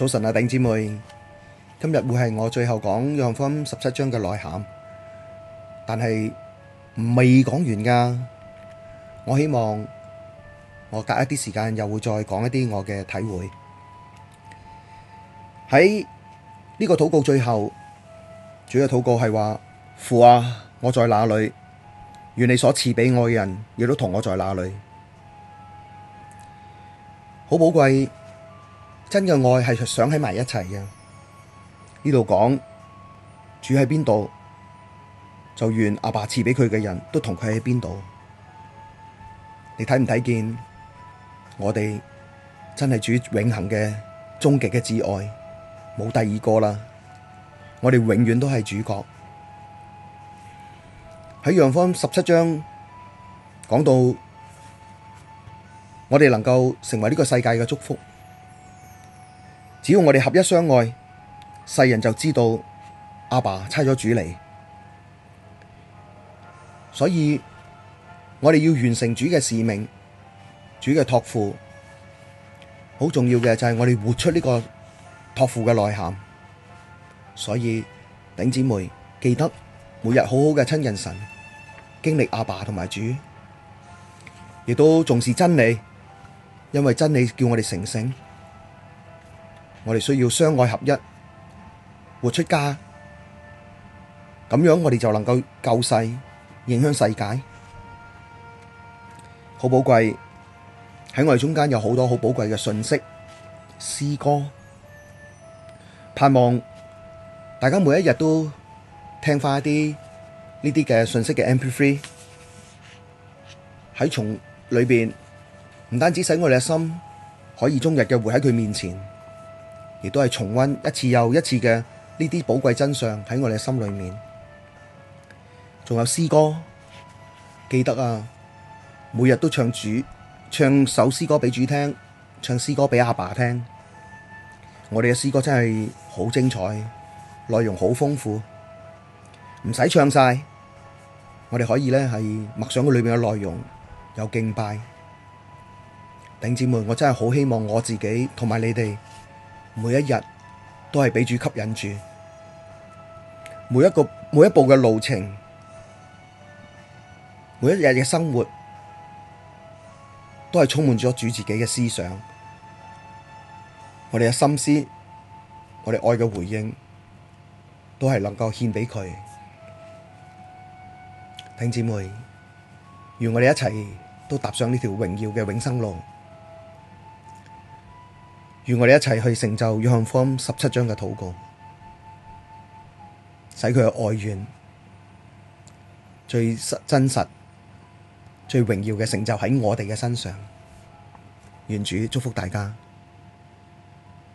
早晨啊，頂姐妹，今日會係我最後講約翰十七章嘅內涵，但係未講完噶。我希望我隔一啲時間又會再講一啲我嘅體會。喺呢個禱告最後，主要嘅禱告係話父啊，我在哪裏，願你所賜畀我嘅人亦都同我在哪裏，好寶貴。真嘅愛係想喺埋一齊嘅，呢度講主喺邊度，就願阿爸賜畀佢嘅人，都同佢喺邊度。你睇唔睇見？我哋真係主永恆嘅終極嘅摯愛，冇第二個啦。我哋永遠都係主角。喺約翰十七章講到，我哋能夠成為呢個世界嘅祝福。只要我哋合一相愛，世人就知道阿爸差咗主嚟。所以我哋要完成主嘅使命、主嘅託付，好重要嘅就係我哋活出呢個託付嘅內涵。所以頂姊妹記得每日好好嘅親近神，經歷阿爸同埋主，亦都重視真理，因為真理叫我哋成聖。我哋需要相愛合一，活出家，咁樣我哋就能夠救世，影響世界，好寶貴，喺我哋中間有好多好寶貴嘅信息、詩歌，盼望大家每一日都聽返一啲呢啲嘅信息嘅 MP3，喺從裏邊唔單止使我哋嘅心可以終日嘅活喺佢面前。亦都係重溫一次又一次嘅呢啲寶貴真相喺我哋嘅心裏面，仲有詩歌，記得啊，每日都唱主，唱首詩歌俾主聽，唱詩歌俾阿爸，爸聽。我哋嘅詩歌真係好精彩，內容好豐富，唔使唱晒，我哋可以呢係默想佢裏面嘅內容，又敬拜。頂姊妹，我真係好希望我自己同埋你哋。每一日都係畀主吸引住，每一個每一步嘅路程，每一日嘅生活都係充滿咗主自己嘅思想。我哋嘅心思，我哋愛嘅回應，都係能夠獻畀佢。弟姊妹，願我哋一齊都踏上呢條榮耀嘅永生路。與我哋一齊去成就約翰福音十七章嘅禱告，使佢嘅愛願最實真實、最榮耀嘅成就喺我哋嘅身上。願主祝福大家。